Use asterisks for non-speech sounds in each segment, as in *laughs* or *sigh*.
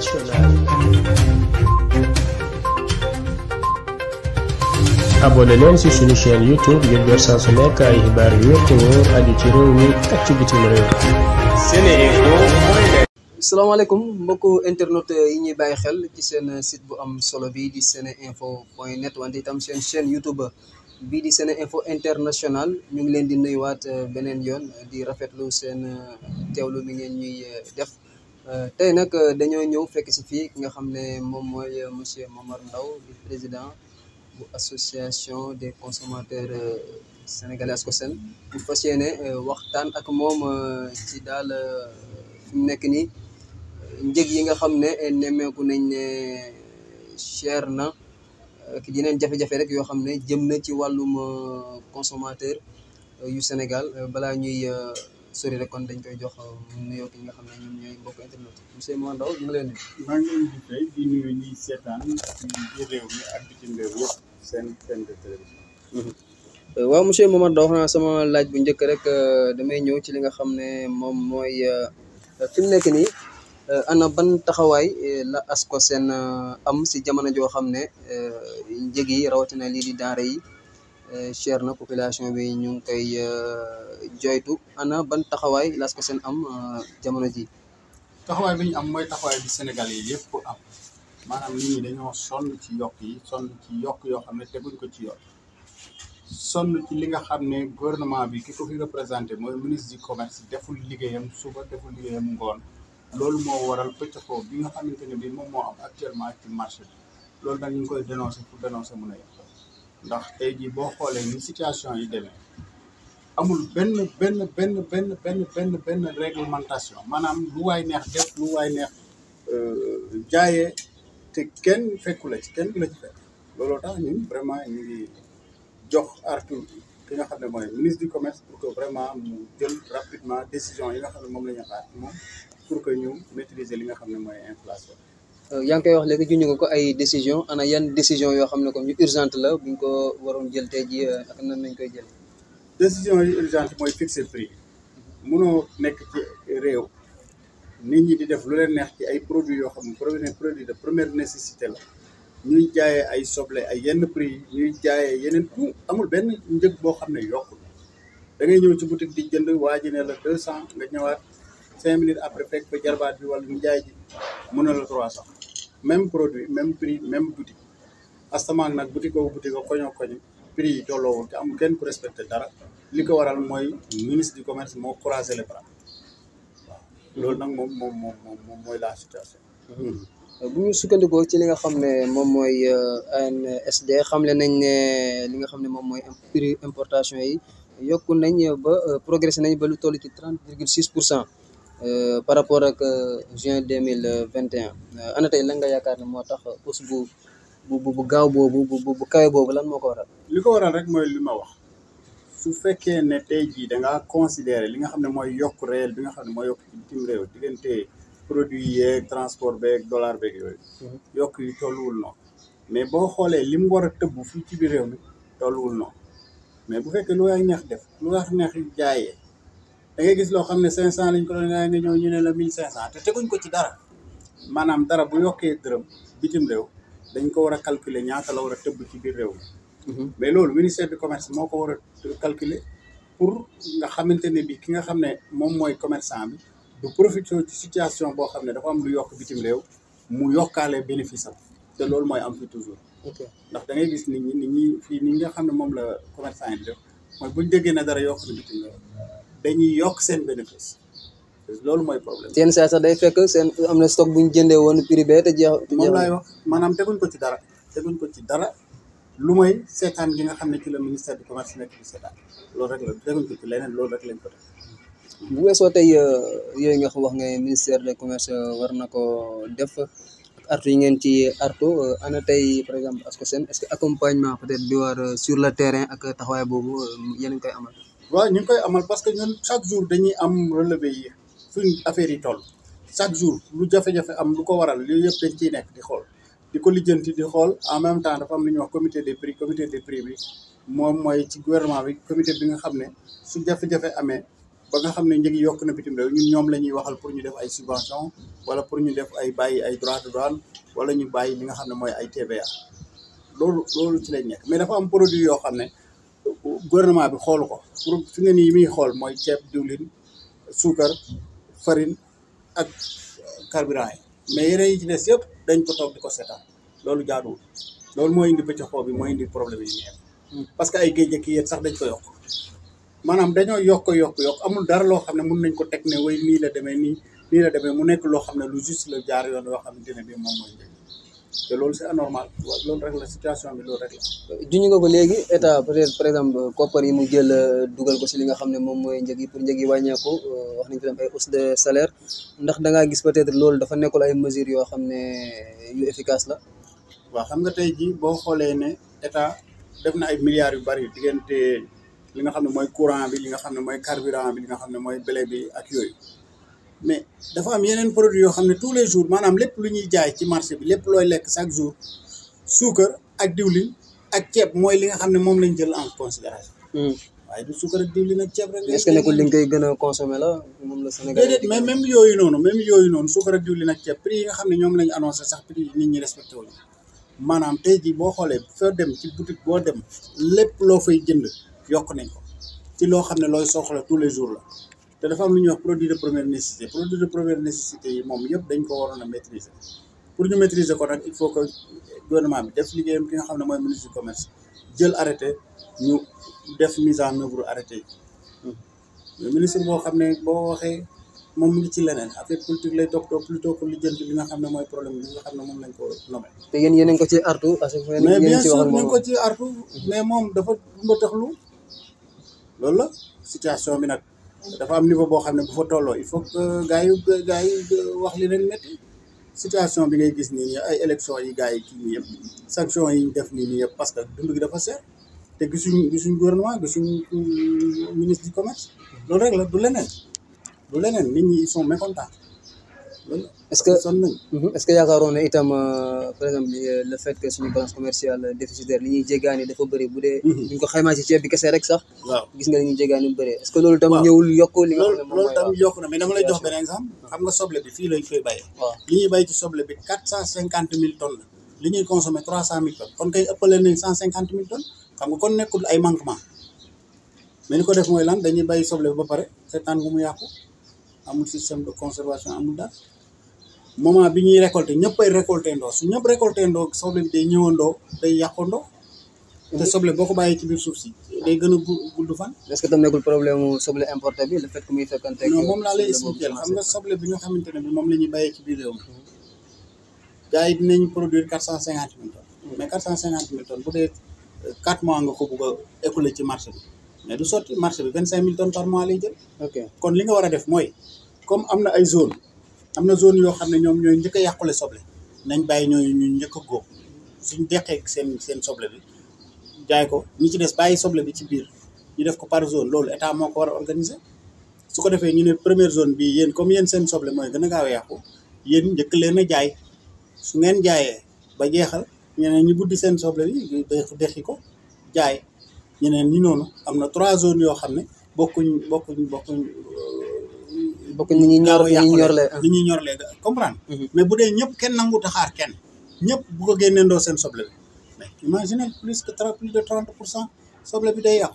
internationale. abonné leen ci suñu chaîne youtube ngir jot saa su nekk ay xibaar yu wér te ci réew mi ak ci bitim réew. salaamaaleykum yi ñuy bàyyi xel ci seen site bu am solo bi di seneinfo point net wante itam seen chaîne youtube bii di seneinfo international ñu ngi leen di nuyuwaat eh, beneen yoon di rafetlu seen eh, teewlu mi ngeen ñuy eh, def. Euh, tey nag euh, dañoo ñëw fekk si fii ki nga xam ne moom mooy euh, monsieur Momar Ndao di président bu association des consommateurs sénégalais ASCOSEN bu fas yéene waxtaan ak moom ci daal fi nekk nii njëg yi nga xam ne nemmeeku nañ ne cher na ak yeneen jafe-jafe rek yoo xam ne jëm na ci wàllum consommateur yu Sénégal balaa ñuy sori rek kon dañ koy jox euh, nuyoo ki nga xam ne ñoom ñooy mbokk internet monsieur maa ngi seen seen *laughs* euh, monsieur Momar Ndao sama laaj bu njëkk rek euh, damay ñëw ci li nga xam ne moom mooy fi nekk ni ana ban taxawaay la asko ASCOSEN am si jamono joo xam ne njëg yi rawatina lii di daare yi Eh, cher na population bi ñu ngi koy eh, joytu ana ban taxawaay las seen am eh, jamono ji taxawaay bi ñu am mooy taxawaay bi Sénégal yi yëpp am maanaam nit ñi dañoo sonn ci yokk yi sonn ci yokk yoo xam ne teguñ ko ci yoon sonn ci li nga xam ne gouvernement bi ki ko fi représenté mooy ministre du commerce deful liggéeyam suba deful liggéeyam ngoon loolu moo waral pëccxoo bi nga xamante ne bi moom moo am actuellement ci marché loolu nag ñu ngi koy dénoncé pour dénoncé mun a yem ndax tey jii boo xoolee ni situation yi demee amul benn benn benn benn benn benn benn réglementation maanaam lu waay neex def lu waay neex euh, jaayee te kenn fekku la ci kenn du la ci fekk looloo tax ñun vraiment ñu ngi jox artu ki nga xam ne mooy ministre du commerce pour que vraiment mu jël rapidement décision yi nga xam ne moom la ñu xaar moom que ñu maîtriser li nga xam ne mooy inflation Euh, yaa ngi koy wax léegi junj nga ko ay décision ana yan décision yoo xam ne ko ñu urgente la buñ ko waroon jël te jii euh, ak nan nañ koy jël décision yi urgente mooy fixer prix munoo nekk ci réew nit ñi di def lu leen neex ci ay produits yoo xam ne produit produit de première nécessité la ñuy jaayee ay soble ay yenn prix ñuy jaayee yeneen tout amul benn njëg boo xam ne yokkul da ngay ñëw ci boutique di jënd waa ji ne la deux cent nga ñëwaat cinq minutes après fek ko jarbaat bi wala mu jaay ji mën na la trois cent même produit même prix même boutique astamaan nag boutique boobu boutique ko koñoo koñu prix yi tolloowul te amul kenn ku respecté dara li ko waral mooy ministre du commerce moo croisé le bras waaw loolu nag moom moom moom mooy la situation mm-hmm. bu ñu sukkandikoo ci li nga xam ne moom mooy euh, ANSD xamle nañ ne li nga xam ne moom mooy prix importation yi yokku nañ ba euh, progressé nañ ba lu toll ci trente virgule six pour cent Euh, par rapport ak euh, juin deux mille vingt et un euh, ana tey lan nga yaakaar ne moo tax pousse bu bu bu gaaw boobu bu bu kawe boobu lan moo ko waral. li ko waral rek mooy li ma wax su fekkee ne tey jii da ngaa considéré li nga xam ne mooy yokk réel bi nga xam ne mooy yokk ci bitim réew diggante produit yeeg transport be dollar beeg yooyu. Mhm. yokk yi tolluwul no mais boo xoolee li mu war a tëbb fii ci biir réew mi tolluwul noonu mais bu fekkee lu nga neex def lu nga neex jaayee. da gis loo xam ne 500 lañ ko doon nga ñëw ñu ne la 1500 te teguñ ko ci dara maanaam dara bu yokkee dërëm bitim réew dañ ko war a calculer ñaata la war a tëbb ci biir réew mi. Mhm. mais loolu ministère du commerce moo ko war a pour nga xamante ne bi ki nga xam ne moom mooy commerçant bi du profité ci situation boo xam ne dafa am lu yokk bitim réew mu yokkaale bénéfice am te loolu mooy am fi toujours. ndax da ngay gis ni ñi nit ñi fii ni nga xam ne moom la commerçant yi di def mooy buñ déggee ne dara yokk na bitim dañuy yokk seen bénéfice loolu mooy problème. yenn saa sax day fekk seen am na stock bu ñu jëndee woon prix bee te jeex. moom laay wax maanaam teguñ ko ci dara teguñ ko ci dara lu mooy seetaan gi nga xam ne ci la ministère du commerce nekk di loolu rek la teguñ loolu rek lañ ko def. bu weesoo tey euh, yooyu nga wax nga ministère de commerce euh, war na ko def artu yi ngeen ci artu euh, ana tey par exemple ASCOSEN est-ce que accompagnement peut-être bi war sur le terrain ak taxawaay boobu yéen a koy amal. waaw ñu ngi koy amal parce que ñun chaque jour dañuy am relevé yi fi affaire yi toll chaque jour lu jafe am lu ko waral li yëpp dañ ciy nekk di xool di ko lijjanti di xool en même temps dafa am lu ñu wax comité des prix comité des prix bi moom mooy ci gouvernement bi comité bi nga xam ne si jafe-jafe amee ba nga xam ne njëg yokk na bitim réew ñun ñoom la ñuy waxal pour ñu def ay subvention wala pour ñu def ay bàyyi ay droit de douane wala ñu bàyyi li nga xam ne mooy ay TVA loolu loolu ci lañ nekk mais dafa am produit yoo xam ne gouvernement bi xoolu ko pour fi nga nii muy xool mooy ceeb diwlin suukar farine ak carburant yi mais yeneen yi ci yëpp dañ ko toog di ko seetaan loolu jaaduwul loolu moo indi bëccëg xoo bi moo indi problème yi ñu parce que ay géej ak yéen sax dañ ko yokk maanaam dañoo yokk yokk yokk amul dara loo xam ne mun nañ ko teg ne way nii la demee nii nii la demee mu nekk loo xam ne lu juste la jaar yoon yoo xamante ne bi moom mooy njëriñ te loolu c'est anormal loolu rek la situation bi loolu rek la. juñu nga ko léegi état peut-être par exemple koppar yi mu jël euh, dugal ko si li nga xam ne moom mooy njëg pour njëg yi wàññeeku euh, wax nañ fi tam de salaire ndax dangaa gis peut-être loolu dafa nekkul ay mesures yoo xam ne yu efficace la. waa xam nga tey jii boo xoolee ne état def na ay milliards yu bari diggante li nga xam ne mooy courant bi li nga xam ne mooy carburant bi li nga xam ne mooy blé bi ak yooyu. mais dafa am yeneen produit yoo xam ne tous les jours maanaam lépp lu ñuy jaay ci marché bi lépp looy lekk chaque jour suukar ak diwlin ak ceeb mooy li nga xam ne moom lañ jël en considération hmm. waaye du suukar ak diwlin ak ceeb rek. est-ce nga koy gën a consommé la moom la Sénégal. mais même yooyu noonu même yooyu noonu suukar ak diwlin ak ceeb prix yi nga xam ne ñoom lañ annoncé sax prix yi nit ñi respecté wuñu maanaam tey jii boo xoolee foo dem ci boutique boo dem lépp loo fay jënd yokk nañ ko ci loo xam ne looy soxla tous les jours la. te dafa am lu ñuy wax produit de première nécessité produit de première yi moom yëpp dañ ko waroon a maîtriser pour ñu maîtriser ko nag il faut que gouvernement bi def liggéeyam ki nga xam ne mooy ministre du commerce jël arrêté ñu def mise en œuvre arrêté yi hmm. ministre boo xam ne boo waxee moom ngi ci leneen affaire politique lay toog toog plutôt que lijjanti li nga xam ne mooy problème bi nga xam ne moom lañ ko nommé. te yéen yéen a ngi ko ci artu. parce que mais bien moom dafa mba taxlu loolu la situation bi nag. dafa am niveau boo xam ne bu fa tolloo il faut que gars yi gars yi wax li leen métti situation bi ngay gis ni nii ay élection yi gars yi kii nii yëpp sanction yi ñu def nii nii yëpp parce que dund gi dafa seer te gisuñ gisuñu gouvernement gisuñu ministre du commerce loolu rek la du leneen du leneen nit ñi ils sont est-ce que mhm. est-ce que yaakaaroon na itam euh, par exemple euh, le fait que suñu balance commerciale euh, déficitaire li ñuy jéggaani dafa bëri bu dee. Mhm. ñu ko xaymaa ci ceeb bi kese rek sax. waaw gis nga li ñuy jéggaani bu bëree. est-ce que loolu tam ñëwul yokk loolu tam yokk na mais dama lay jox beneen exemple. xam soble bi fii cent cinquante mille tonnes li ñuy consommer trois cent mille tonnes kon kay ëppale nañ cent cinquante mille tonnes xam nga kon nekkul ay manquement mais ko def mooy lan dañuy bay soble ba pare seetaan gu mu yàqu amul système de conservation amul dara moment bi ñuy récolter ñëpp ay récolter ndoo su ñëpp récolter ndoo soble bi day ñëwandoo day yàqandoo te mhm. soble boo ko bàyyee ci biir suuf si day gën a gudd fan. est-ce que tam nekkul problème soble importé bi le fait que muy fekkante. non moom laa lay expliqué xam nga soble bi nga xamante ne bi moom la ñuy bàyyee ci biir réew mi. Mhm. gars yi dinañ quatre cent cinquante mille tonnes. Mhm. mais quatre cent cinquante mille tonnes bu dee quatre mois nga ko bugg a écouler ci marché bi mais du sotti marché bi vingt cinq mille tonnes par mois lay jël. kon li nga war a def mooy comme am na ay zone am na zone yoo xam ne ñoom ñooy njëkk a yàqule soble nañ bàyyi ñooñu ñu njëkk a góob suñ deqee seen seen soble bi jaay ko ñi ci des bàyyi soble bi ci biir ñu def ko par zone loolu état moo ko war a organiser su ko defee ñu ne première zone bi yéen comme yen seen soble mooy gën a gaaw yàqu yéen njëkk leen a jaay su ngeen jaayee ba jeexal ñeneen ñi buddi seen soble bi deqi ko jaay ñeneen ñi noonu am na trois zones yoo xam ne bokkuñ bokkuñ bokkuñ bokk ñi ñuy ñor ñi ñor la ñi ñuy ñor la comprendre mhm. mais bu dee ñëpp kenn nangu taxaar kenn ñëpp bu ko génneendoo seen soble bi mais imagine plus que plus de pour cent soble bi day yàqu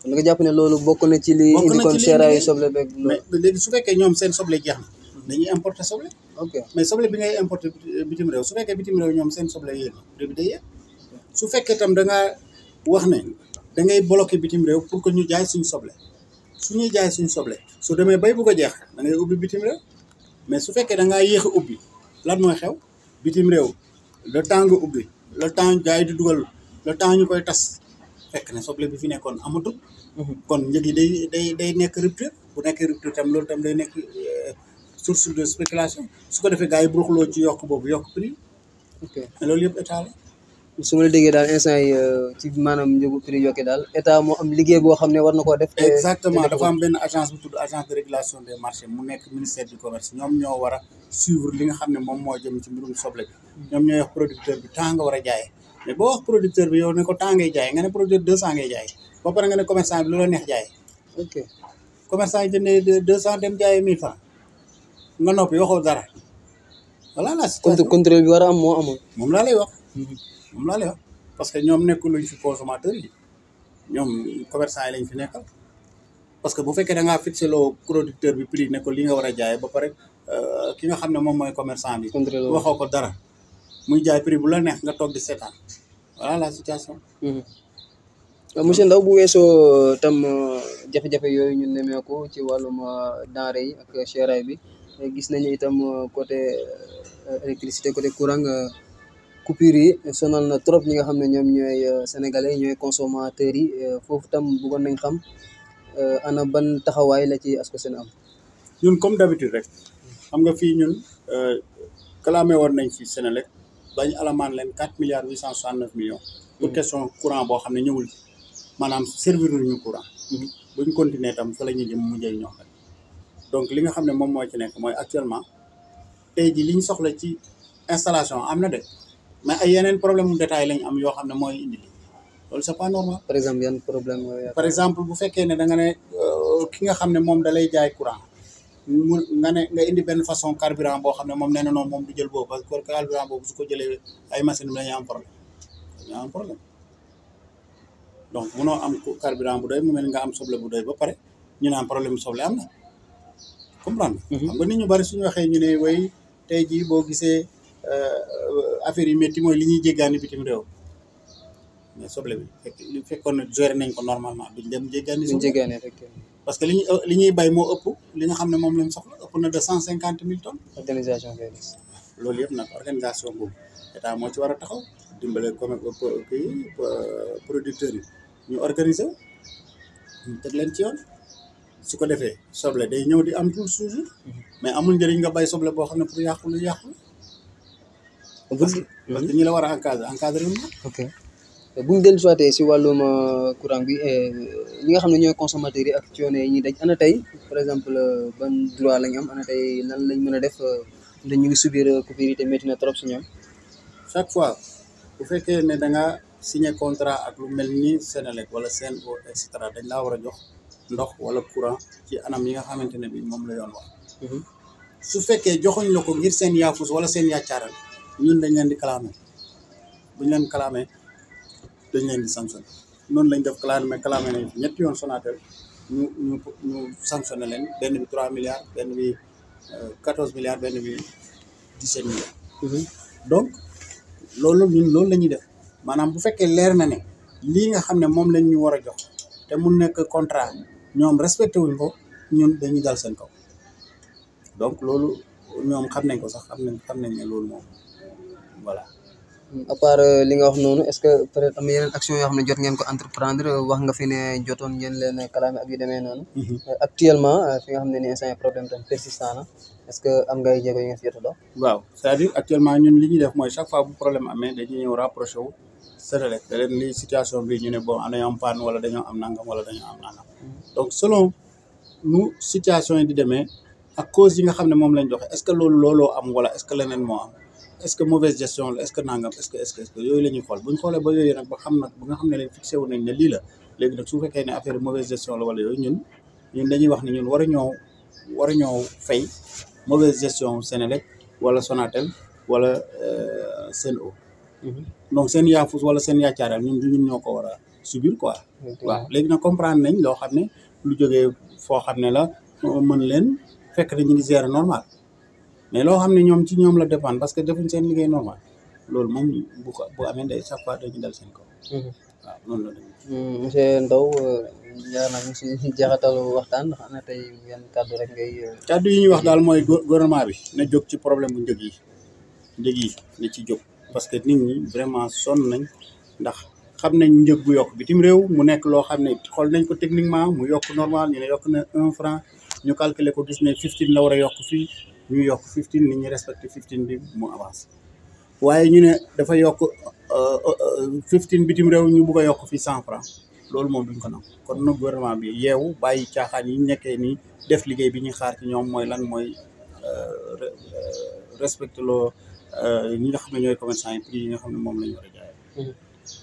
kon nga jàpp ne loolu bokk na ci li indi kon seeraayu soble léegi su fekkee ñoom seen soble jeex na mhm. dañuy importer soble ok mais soble bi ngay importer bitim réew su fekkee bitim réew ñoom seen soble yéen prix bi day yéeg su fekkee tam da nga wax ne da ngay bloquer bitim réew pour que ñu jaay suñu soble su jaay suñu soble su demee bay bu ko jeex da ngay ubbi bitim réew mais su fekkee da ngaa yéex a ubbi lan moo xew bitim réew le temps nga ubbi le temps gars yi di dugal le temps ñu koy tas fekk na soble bi fi nekkoon amatul. Mhm. kon njëg yi day day day nekk rupture bu nekkee rupture tam loolu tam day nekk euh, source de spéculation su ko defee gars yi buruxloo ci yokk boobu yokk prix. ok loolu yëpp état la. su ma la déggee daal instant yi euh, ci maanaam njëgu prix yokki daal état moo am liggéey boo xam ne war na koo def. exactement dafa am benn agence bu tudd agence de régulation des marchés mu nekk ministère du commerce ñoom ñoo war suivre li nga xam ne moom moo jëm ci mbirum soble bi. ñoom ñooy wax producteur bi temps nga war a jaayee mais boo wax producteur bi yow ne ko temps ngay jaayee nga ne producteur deux cent ngay jaayee ba pare nga ne commerçant bi lu la neex jaayee. ok commerçant yi jëndee noppi waxoo dara voilà la situation contrôle bi war a am moo amoon. moom laa lay wax. Mhm. moom parce que ñoom nekkuluñ fi consommateur yi ñoom commerçant lañ fi nekkal parce que bu fekkee da ngaa fixé loo producteur bi prix ne ko li nga war a jaayee ba pare euh, ki nga xam ne moom mooy commerçant bi. waxoo ko dara muy jaay prix bu la neex nga toog di seetaan voilà la situation. Mm-hmm. Euh, monsieur Ndao bu weesoo euh, tam jafe-jafe yooyu ñu nemmeeku ci wàllum denrée yi ak séeraay bi gis nañu itam côté électricité côté courant. coupure yi sonal na trop ñi nga xam ne ñoom ñooy euh, sénégalais ñooy consommateurs yi euh, foofu tam bëggoon nañ xam euh, ana ban taxawaay la ci ASCOSEN am. ñun comme d'habitude rek xam nga fii ñun clamé woon nañ ci Sénélec bañ alamaan leen quatre milliards huit cent soixante neuf millions. pour mm-hmm. question courant boo xam ne ñëwul maanaam servir ñu courant. Mm-hmm. buñ continuer tam fa la ñuy jëm mu jëy donc li nga xam ne moom moo ci nekk mooy actuellement tey ji li ñu soxla ci installation am na de. mais ay yeneen problème mu détail lañ am yoo xam ne mooy indi lii loolu c'est pas normal. par exemple par exemple bu fekkee ne da ne euh, ki nga xam ne moom da lay jaay courant mu nga nga indi benn façon carburant boo xam ne moom nee na noonu moom du jël boobu parce que carburant boobu su ko jëlee ay machines la ñu am problème dañu am problème donc munoo am carburant bu doy mu mel nga am soble bu doy ba pare ñu ne am problème soble am na comprendre mhm. xam nga nit bari suñu waxee ne way tey jii boo gisee. Euh, euh, affaire yi métti mooy li ñuy jéggaani bitim réew mais soble bi fekk li fekkoon ne gérer nañ ko normalement duñ dem jéggaani soble jéggaani effectivement parce que li ñuy li ñuy bay moo ëpp li nga xam ne moom lañ soxla ëpp na de cent cinquante mille tonnes organisation des loolu yëpp nag organisation boobu état moo ci war a taxaw dimbale comme euh, kii producteurs yi ñu organiser ñu leen ci yoon su ko defee soble day ñëw di am toujours mm-hmm. mais amul njëriñ nga bay soble boo xam ne pour yàqu lu yàqu parce que ñu la war a encadré encadré wuñ ok euh, bu ñu dellu siwaatee si wàllum euh, courant bi euh, ñi nga xam ne ñooy consommateurs yi ak coono yi ñuy daj ana tey par exemple ban droit la ñu am ana tey lan lañ mën a def te ñu ngi subir coupure yi te métti na trop si ñoom. chaque fois bu fekkee ne da nga signé contrat ak lu mel ni Sénélec wala seen et cetera dañ laa war a jox ndox wala courant ci anam yi nga xamante ne bi moom la yoon wax. Mhm. su fekkee joxuñ la ngir seen yaafus wala seen yaacaaral. ñu dañ leen di kalaame bu ñu leen kalaamee dañ leen di sanctionné noonu lañ def kalaame kalaame nañ ñetti yoon Sonatel ñu ñu ñu leen benn bi trois milliards benn bi euh, quatorze milliards benn bi dix-sept milliards mhm. donc loolu ñun loolu la ñuy def maanaam bu fekkee leer na ne lii nga xam ne moom lañ ñu war a jox te mu nekk contrat ñoom respecté wuñ ko ñun dañuy dal seen kaw donc loolu ñoom xam nañ ko sax xam nañ xam nañ ne loolu moom voilà. à euh, li nga wax noonu est-ce que peut action yoo xam ne jot ngeen ko entreprendre euh, wax nga fi ne jotoon ngeen leen kalaame ak yu demee noonu. Mhm. Euh, actuellement nga xam ne nii c'est un problème tam persistant na que am nga fi jot a dox. waaw cest à actuellement ñun li ñuy def mooy chaque fois bu problème amee dañuy ñëw rapproché wu Sénélec da leen situation bi ñu ne bon dañoo am panne wala dañoo am nangam mhm. donc selon nu situation di demee ak cause yi nga xam ne moom lañ joxe est-ce est-ce que mauvaise gestion la est-ce que nangam est-ce que est yooyu la ñuy xool bu ñu xoolee ba yooyu nag ba xam nag ba xam ne leen fixé wu ne lii la léegi nag su fekkee affaire mauvaise gestion la wala yooyu ñun ñun dañuy wax ne ñun war a ñoo war a ñoo fay mauvaise gestion Senelec wala Sonatel wala euh, Sen'Eau mhm. donc seen yaafus wala seen yaacaaral ñun du ñun ñoo ko war a subir quoi waaw léegi nag comprendre nañ loo xam ne lu jógee foo xam ne la mën leen fekk na ñu ngi gérer normal mais loo xam ne ñoom ci ñoom la dépendre parce que defuñ seen liggéey normal loolu moom bu ko bu amee day chaque fois dal seen kaw. Mhm. waaw noonu la demee. Mm, monsieur Ndao jaar euh, nañu si *laughs* waxtaan xam na tey yan kàddu rek ngay. Euh, kàddu yi ñuy wax daal mooy gouvernement bi na jóg ci problème bu njëg yi njëg yi na ci jóg parce que nit ñi vraiment sonn nañ ndax xam nañ njëg bu yokk bitim réew mu nekk loo xam ne xool nañ ko techniquement mu yokk normal ñu ne yokk na un franc ñu calculer ko gis ne fifteen la war a yokk fii. ñu yokk 15 nit ñi respecté 15 bi mu avance waaye ñu ne dafa yokk 15 euh, euh, bitim réew ñu bugg a yokk fii 100 francs loolu moom duñ ko nangu kon nag gouvernement bi yeewu bàyyi caaxaan yi nekkee nii def liggéey bi ñuy xaar ci ñoom mooy lan mooy euh, respecté loo ñi nga xam ne ñooy commerçant yi prix yi nga xam ne moom la ñu war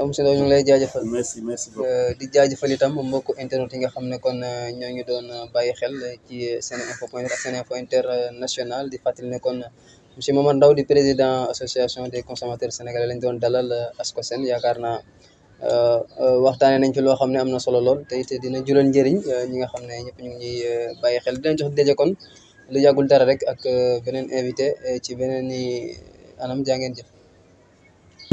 am si loolu ñu ngi lay jaajëfal. merci euh, di jaajëfal itam mbokku internet yi nga xam ne kon euh, ñoo ñu doon euh, bàyyi xel ci Seneinfo point net ak Seneinfo international di fàttali ne kon monsieur Momar Ndao di président association des consommateurs sénégalais lañ doon dalal ASCOSEN yaakaar naa waxtaanee nañ ci loo xam ne am na solo lool te dina jural njariñ ñi nga xam ne ñëpp ñu ngi ñuy bàyyi xel dinañ jox daje kon lu yàggul dara rek ak beneen invité ci beneen i anam jaa ngeen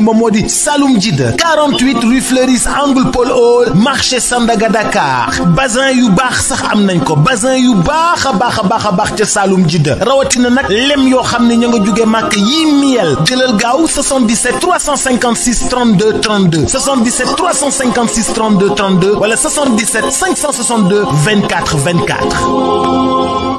moom moo di Saloum Jide 48 rue Fleuris angle Paul Hall marché Sandaga Dakar basin yu baax sax am nañ ko basin yu baax a baax a baax a baax ca saalum Jide rawatina nag lem yoo xam ne ñoo nga jóge màkk yii miel jëlal gaaw 77 356 32 32 77 356 32 32 wala 77 562 24 24.